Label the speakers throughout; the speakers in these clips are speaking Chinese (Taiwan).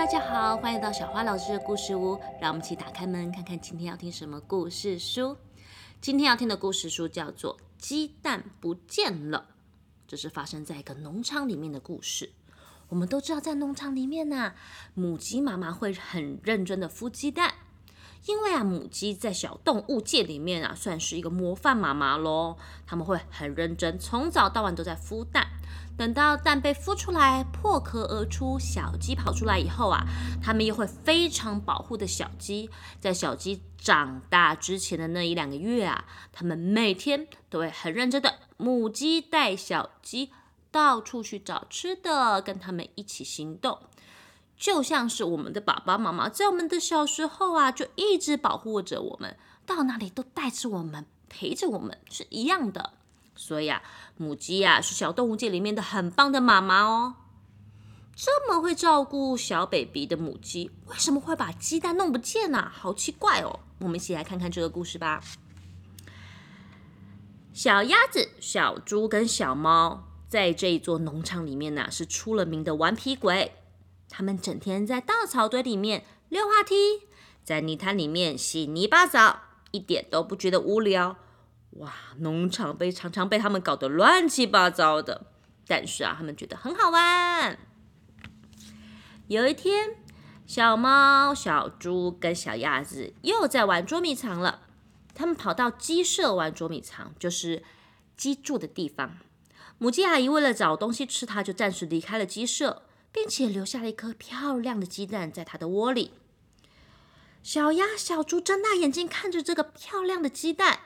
Speaker 1: 大家好，歡迎到小花老師的故事屋，讓我們一起打開門，看看今天要聽什麼故事書。今天要聽的故事書叫做《雞蛋不見了》，這是發生在一個農場裡面的故事。我們都知道，在農場裡面呢、啊，母雞媽媽會很認真的孵雞蛋，因為啊，母雞在小動物界裡面啊，算是一個模範媽媽咯。他們會很認真，從早到晚都在孵蛋。等到蛋被孵出來、破殼而出，小雞跑出來以後啊，它們又會非常保護着小雞。在小雞長大之前的那一兩個月啊，它們每天都會很認真的，母雞帶小雞到處去找吃的，跟他們一起行動，就像是我們的爸爸媽媽在我們的小時候啊，就一直保護着我們，到哪裡都帶着我們，陪着我們，是一樣的。所以啊，母雞呀、啊、是小動物界裡面的很棒的媽媽哦。這麼會照顧小 baby 的母雞，為什麼會把雞蛋弄不見呢、啊？好奇怪哦！我們一起來看看這個故事吧。小鴨子、小豬跟小貓在這一座農場裡面呢、啊，是出了名的頑皮鬼。他們整天在稻草堆裡面溜滑梯，在泥潭裡面洗泥巴澡，一點都不覺得無聊。哇，農場被常常被他們搞得亂七八糟的，但是啊，他們覺得很好玩。有一天，小貓、小豬跟小鴨子又在玩捉迷藏了。他們跑到雞舍玩捉迷藏，就是雞住的地方。母雞阿姨為了找東西吃它，它就暫時離開了雞舍，並且留下了一顆漂亮的雞蛋在它的窩裡。小鴨、小豬睜大眼睛看着這個漂亮的雞蛋。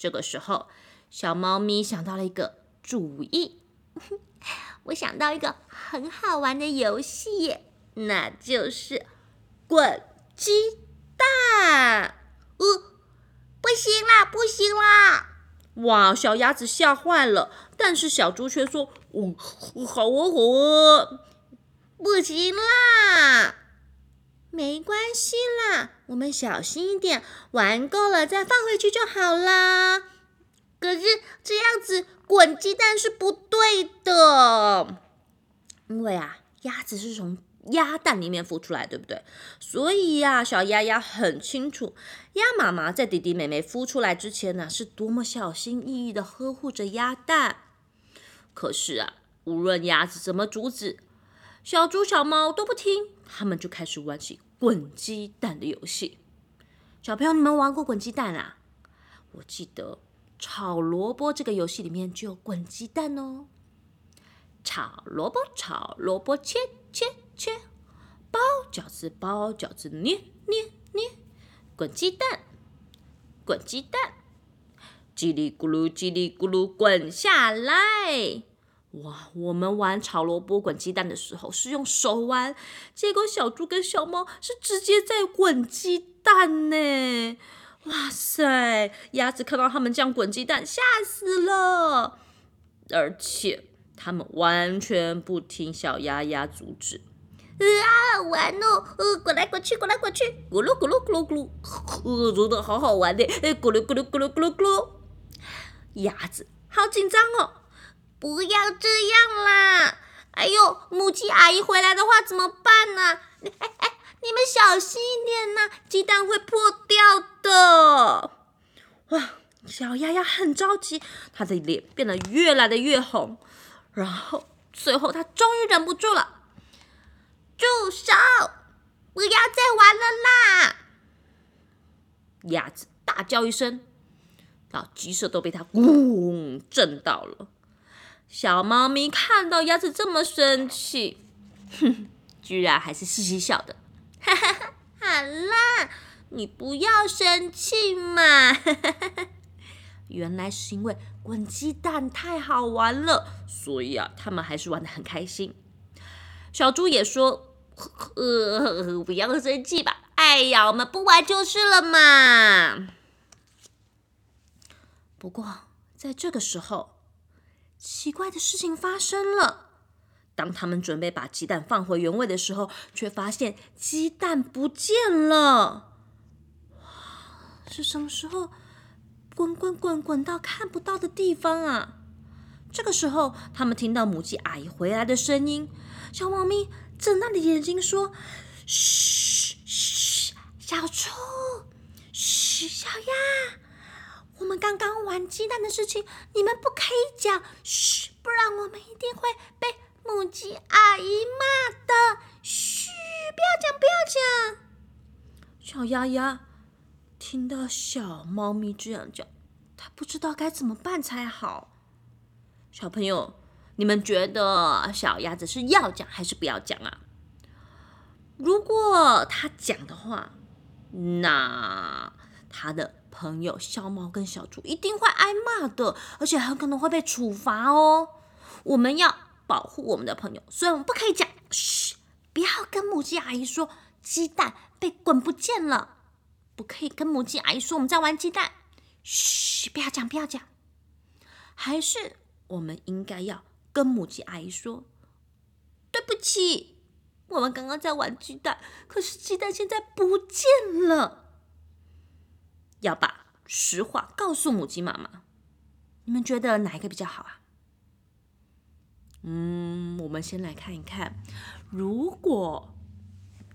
Speaker 1: 這個時候，小貓咪想到了一個主意。我想到一個很好玩的遊戲，那就是滾雞蛋。呃，不行啦，不行啦！哇，小鴨子嚇壞了，但是小豬卻說：“我好啊好啊，不行啦！”沒關係啦，我們小心一點，玩夠了再放回去就好啦。可是這樣子滾雞蛋是不對的，因為啊，鴨子是從鴨蛋裡面孵出來，對不對？所以呀，小鴨鴨很清楚，鴨媽媽在弟弟妹妹孵出來之前呢，是多麼小心翼翼的呵護着鴨蛋。可是啊，無論鴨子怎麼阻止。小豬、小貓都不聽，他們就開始玩起滾雞蛋的遊戲。小朋友，你們玩過滾雞蛋啊？我記得炒蘿蔔這個遊戲裡面就有滾雞蛋哦。炒蘿蔔，炒蘿蔔，切切切；包餃子，包餃子，捏捏捏，捏。滾雞蛋，滾雞蛋，嘰里咕嚕，嘰里咕嚕，滾下來。哇，我們玩炒蘿蔔滾雞蛋的時候是用手玩，結果小豬跟小貓是直接在滾雞蛋呢。哇塞，鴨子看到他們這樣滾雞蛋，嚇死了！而且他們完全不聽小鴨鴨阻止，啊，完嘍，呃，滾來滾去，滾來滾去，咕嚕咕嚕咕嚕咕嚕，做得好好玩呢。咕嚕咕嚕咕嚕咕嚕咕，咕，鴨子好緊張哦。不要這樣啦！哎呦，母雞阿姨回來的話怎麼辦呢、啊？你，哎哎，你們小心一點吶、啊，雞蛋會破掉的。哇，小鴨鴨很着急，它的臉變得越來的越紅，然後最後它終於忍不住了，住手！不要再玩了啦！鴨子大叫一聲，然後雞舍都被它“嗡”震到了。小貓咪看到鴨子這麼生氣，哼，居然還是嘻嘻笑的。哈哈哈，好啦，你不要生氣嘛。 原來是因為滾雞蛋太好玩了，所以啊，他們還是玩的很開心。小豬也說呵呵呵呵：“不要生氣吧，哎呀，我們不玩就是了嘛。”不過在這個時候。奇怪的事情發生了。當他們準備把雞蛋放回原位的時候，卻發現雞蛋不見了。是什麼時候？滾滾滾滾到看不到的地方啊！這個時候，他們聽到母雞阿姨回來的聲音。小貓咪睜大了眼睛說：“噓噓，小豬，噓小鴨。”我們剛剛玩雞蛋的事情，你們不可以講，噓，不然我們一定會被母雞阿姨罵的。噓，不要講，不要講。小鴨鴨聽到小貓咪這樣講，它不知道該怎麼辦才好。小朋友，你們覺得小鴨子是要講還是不要講啊？如果他講的話，那他的。朋友小貓跟小豬一定會挨罵的，而且很可能會被處罰哦。我們要保護我們的朋友，所以我們不可以講，噓，不要跟母雞阿姨說雞蛋被滾不見了，不可以跟母雞阿姨說我們在玩雞蛋，噓，不要講，不要講。還是我們應該要跟母雞阿姨說，對不起，我們剛剛在玩雞蛋，可是雞蛋現在不見了。要把實話告訴母雞媽媽，你們覺得哪一個比較好啊？嗯，我們先來看一看，如果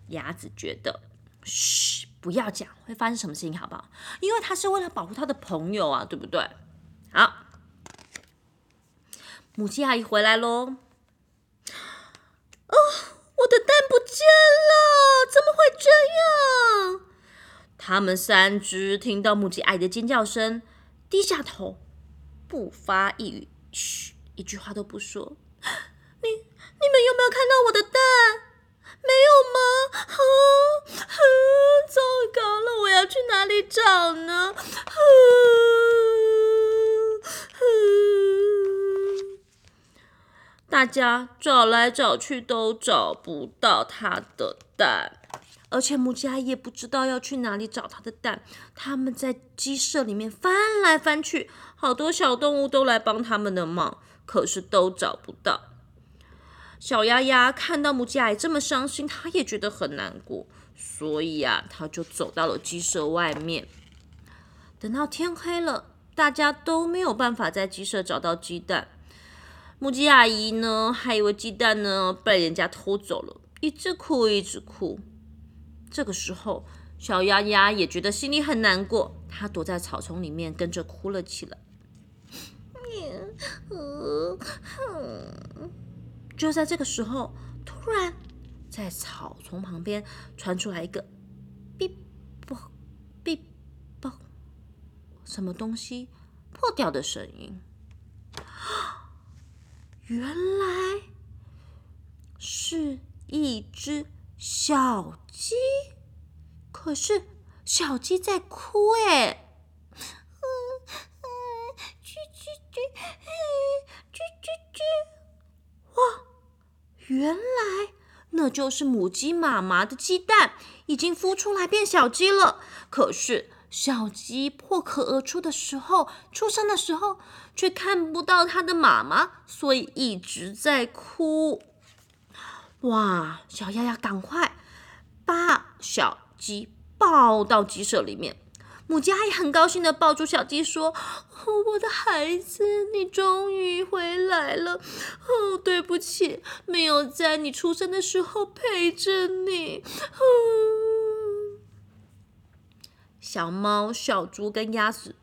Speaker 1: 鴨子覺得“噓，不要講”，會發生什麼事情好不好？因為它是為了保護它的朋友啊，對不對？好，母雞阿姨回來咯！哦，我的蛋不見了，怎麼會這樣？他們三隻聽到母雞阿姨的尖叫聲，低下頭，不發一語，噓，一句話都不說。你、你們有沒有看到我的蛋？沒有嗎？啊！啊糟糕了，我要去哪裡找呢？啊啊，大家找來找去都找不到它的蛋。而且母雞阿姨也不知道要去哪裡找她的蛋，他們在雞舍裡面翻來翻去，好多小動物都來幫他們的忙，可是都找不到。小鴨鴨看到母雞阿姨這麼傷心，它也覺得很難過，所以啊，它就走到了雞舍外面。等到天黑了，大家都沒有辦法在雞舍找到雞蛋。母雞阿姨呢，還以為雞蛋呢被人家偷走了，一直哭，一直哭。這個時候，小鴨鴨也覺得心裡很難過，它躲在草叢裡面跟着哭了起來。就在這個時候，突然在草叢旁邊傳出來一個“嗶啵嗶啵”什麼東西破掉的聲音。原來是一隻。小雞，可是小雞在哭耶！啾啾啾，啾啾啾！哇，原來那就是母雞媽媽的雞蛋已經孵出來變小雞了。可是小雞破殼而出的時候，出生的時候卻看不到它的媽媽，所以一直在哭。哇，小鴨鴨趕快把小雞抱到雞舍裡面。母雞阿姨很高興的抱住小雞，說：“哦，我的孩子，你終於回來了。哦，對不起，沒有在你出生的時候陪着你。Oh. ”小貓、小豬跟鴨子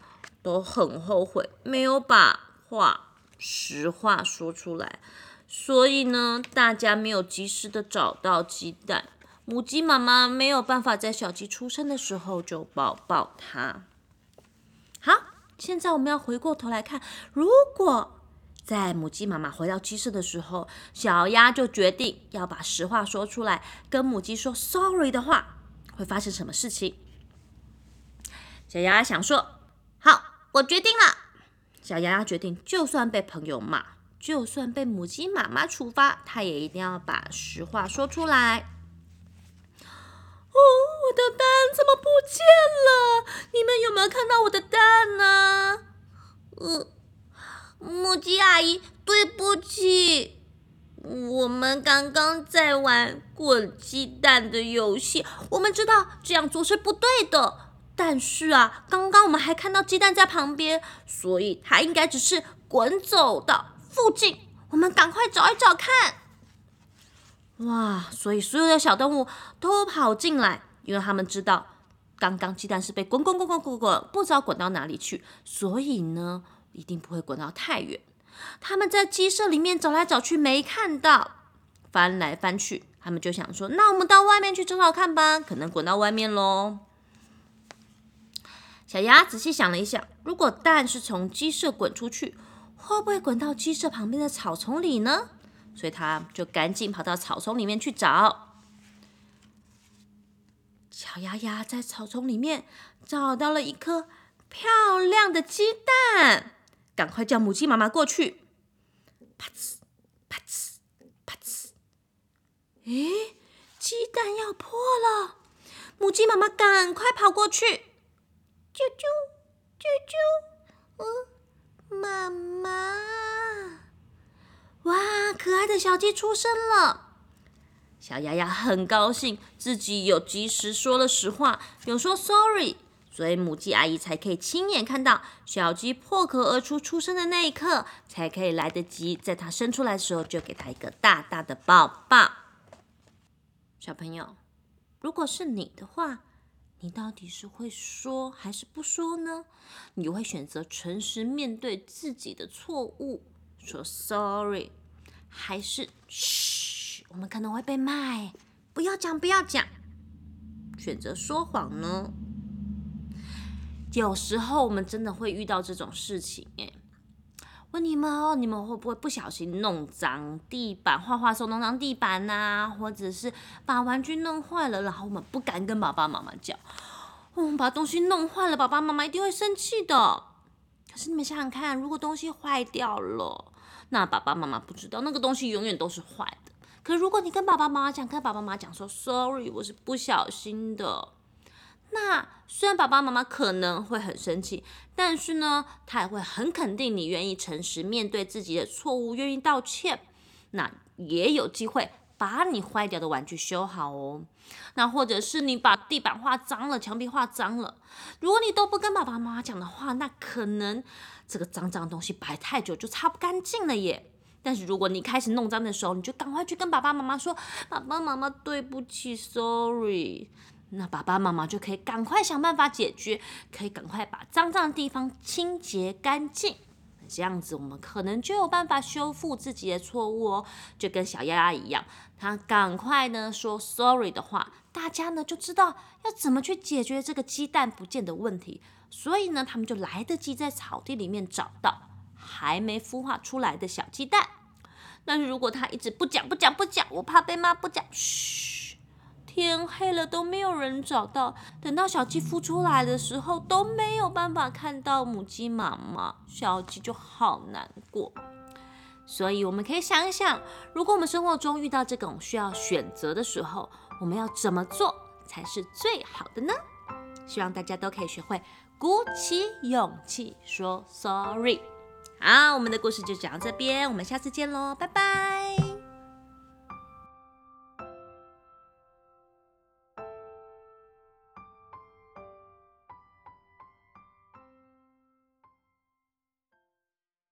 Speaker 1: 都很後悔，沒有把話實話說出來。所以呢，大家沒有及時的找到雞蛋，母雞媽媽沒有辦法在小雞出生的時候就抱抱它。好，現在我們要回過頭來看，如果在母雞媽媽回到雞舍的時候，小鴨就決定要把實話說出來，跟母雞說 sorry 的話，會發生什麼事情？小鴨想說：“好，我決定了。”小鴨鴨決定，就算被朋友罵。就算被母雞媽媽處罰，它也一定要把實話說出來。哦，我的蛋怎麼不見了？你們有沒有看到我的蛋呢？啊？呃，母雞阿姨，對不起，我們剛剛在玩滾雞蛋的遊戲。我們知道這樣做是不對的，但是啊，剛剛我們還看到雞蛋在旁邊，所以它應該只是滾走的。附近，我們趕快找一找看。哇，所以所有的小動物都跑進來，因為他們知道剛剛雞蛋是被滾滾滾滾滾滾，不知道滾到哪裡去，所以呢，一定不會滾到太遠。他們在雞舍裡面找來找去沒看到，翻來翻去，他們就想說，那我們到外面去找找看吧，可能滾到外面嘍。小鴨仔細想了一下，如果蛋是從雞舍滾出去，會不會滾到雞舍旁邊的草叢裡呢？所以他就趕緊跑到草叢裡面去找。小鴨鴨在草叢裡面找到了一顆漂亮的雞蛋，趕快叫母雞媽媽過去。啪！啪！啪！哎，雞蛋要破了！母雞媽媽趕快跑過去。啾啾！啾啾！嗯。媽媽，哇，可愛的小雞出生了！小鴨鴨很高興自己有及時說了實話，有說 sorry，所以母雞阿姨才可以親眼看到小雞破殼而出出生的那一刻，才可以來得及在它生出來的時候就給它一個大大的抱抱。小朋友，如果是你的話，你到底是會說還是不說呢？你會選擇誠實面對自己的錯誤，說 “sorry”，還是“噓”？我們可能會被罵，不要講，不要講，選擇說謊呢？有時候我們真的會遇到這種事情，哎。問你們哦，你們會不會不小心弄髒地板？畫畫時候弄髒地板吶、啊，或者是把玩具弄壞了，然後我們不敢跟爸爸媽媽講。嗯、我們把東西弄壞了，爸爸媽媽一定會生氣的。可是你們想想看，如果東西壞掉了，那爸爸媽媽不知道那個東西永遠都是壞的。可如果你跟爸爸媽媽講，跟爸爸媽媽講說，sorry，我是不小心的。那雖然爸爸媽媽可能會很生氣，但是呢，他也會很肯定你願意誠實面對自己的錯誤，願意道歉，那也有機會把你壞掉的玩具修好哦。那或者是你把地板畫髒了，牆壁畫髒了，如果你都不跟爸爸媽媽講的話，那可能這個髒髒的東西擺太久就擦不乾淨了耶。但是如果你開始弄髒的時候，你就趕快去跟爸爸媽媽說，爸爸媽媽對不起，sorry。那爸爸媽媽就可以趕快想辦法解決，可以趕快把髒髒的地方清潔乾淨。這樣子，我們可能就有辦法修復自己的錯誤哦。就跟小鴨鴨一樣，她趕快呢說 sorry 的話，大家呢就知道要怎麼去解決這個雞蛋不見的問題。所以呢，他們就來得及在草地裡面找到還沒孵化出來的小雞蛋。但是如果他一直不講不講不講，我怕被罵不講，噓。天黑了都沒有人找到，等到小雞孵出來的時候都沒有辦法看到母雞媽媽，小雞就好難過。所以我們可以想一想，如果我們生活中遇到這種需要選擇的時候，我們要怎麼做才是最好的呢？希望大家都可以學會鼓起勇氣說 sorry。好，我們的故事就講到這邊，我們下次見嘍，拜拜。